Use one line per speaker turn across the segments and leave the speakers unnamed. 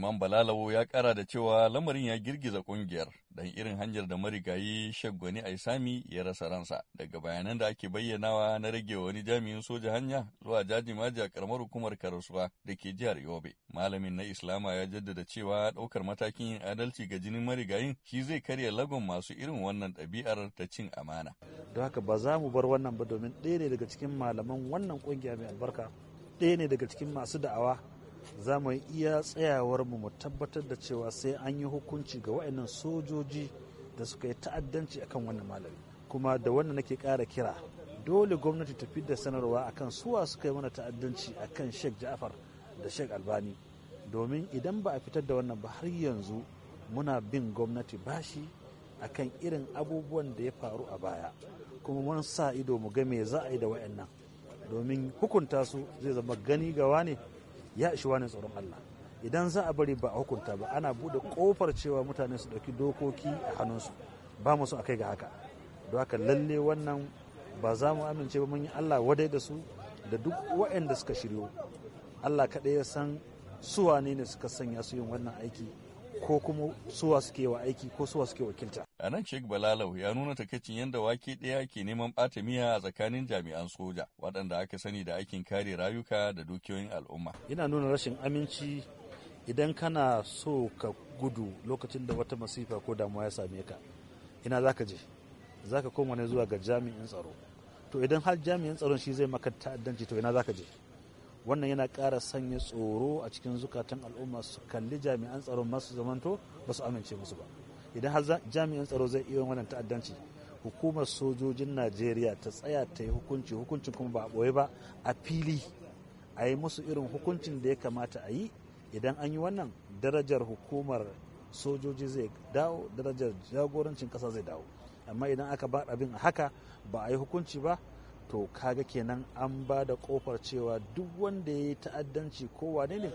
Imam Balalawo ya kara da cewa lamarin ya girgiza kungiyar don irin hanjar da marigayi Shaggwani Aisami ya rasa ransa daga bayanan da ake bayyanawa na rage wani jami'in soja hanya zuwa jaji-maji a karamar hukumar Karasuwa da ke jihar Yobe. Malamin na Islama ya jaddada cewa ɗaukar matakin yin adalci ga jinin marigayin shi zai karya lagon masu irin wannan ɗabi'ar ta cin amana.
Don haka ba za mu bar wannan ba domin ɗaya ne daga cikin malaman wannan kungiya mai albarka ɗaya ne daga cikin masu da'awa za mu iya tsayawar mu tabbatar da cewa sai an yi hukunci ga wa'annan sojoji da suka yi ta'addanci akan wannan malami kuma da wannan nake ƙara kira dole gwamnati ta fi da sanarwa akan suwa suka yi mana ta'addanci akan sheikh ja'far da sheikh albani domin idan ba a fitar da wannan ba har yanzu muna bin gwamnati bashi akan irin abubuwan da ya faru a baya kuma mun sa ido mu ga me za a yi da wa'annan domin hukunta su zai zama gani gawa ne ya ishi wani tsoron Allah idan za a bari ba a hukunta ba ana bude kofar cewa mutane su dauki dokoki a hannunsu ba mu so a kai ga haka don haka lalle wannan ba za mu amince ba mun yi Allah wadai da su da duk waɗanda suka shiryo Allah kaɗai ya san suwa ne ne suka sanya su yin wannan aiki ko kuma suwa suke wa aiki ko suwa suke wakilta.
A nan Sheikh Balalau ya nuna takaicin yadda wake ɗaya ke neman ɓata miya a tsakanin jami'an soja waɗanda aka sani da aikin kare rayuka da dukiyoyin al'umma.
ina nuna rashin aminci idan kana so ka gudu lokacin da wata masifa ko damuwa ya same ka ina za ka je za ka koma ne zuwa ga jami'in tsaro to idan har jami'in tsaron shi zai maka ta'addanci to ina za ka je wannan yana ƙara sanya tsoro a cikin zukatan al'umma su kalli jami'an tsaro masu zamanto ba su amince musu ba idan har jami'an tsaro zai iya wannan ta'addanci hukumar sojojin najeriya ta tsaya ta yi hukunci hukuncin kuma ba a ɓoye ba a fili a yi musu irin hukuncin da ya kamata a yi idan an yi wannan darajar hukumar sojoji zai dawo darajar jagorancin ƙasa zai dawo amma idan aka ba abin haka ba a yi hukunci ba to kaga kenan an ba da kofar cewa duk wanda ya yi ta'addanci ko wane ne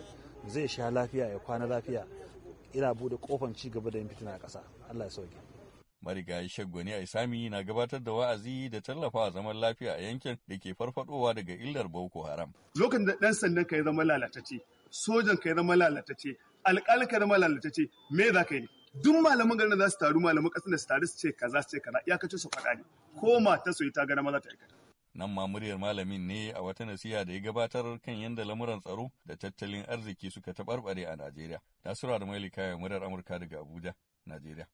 zai sha lafiya ya kwana lafiya ina bude kofar ci gaba da yin fitina a ƙasa Allah ya sauke
marigayi shaggoni a isami na gabatar da wa'azi da tallafa zaman lafiya a yankin da ke farfadowa daga illar boko haram
lokacin da dan sandan ka ya zama lalatacce sojan ka ya zama lalatacce alƙalin ka ya zama lalatacce me za ka yi duk malaman garin da za su taru malaman ƙasar da su taru su ce kaza su ce kaza iyakacin su faɗa ne ko mata su yi ta gana maza ta aikata
Nan ma muryar malamin ne a wata nasiha da ya gabatar kan yadda lamuran tsaro da tattalin arziki suka taɓarɓare a Najeriya. Nasiru Adamu Elikaya, muryar Amurka daga Abuja, Najeriya.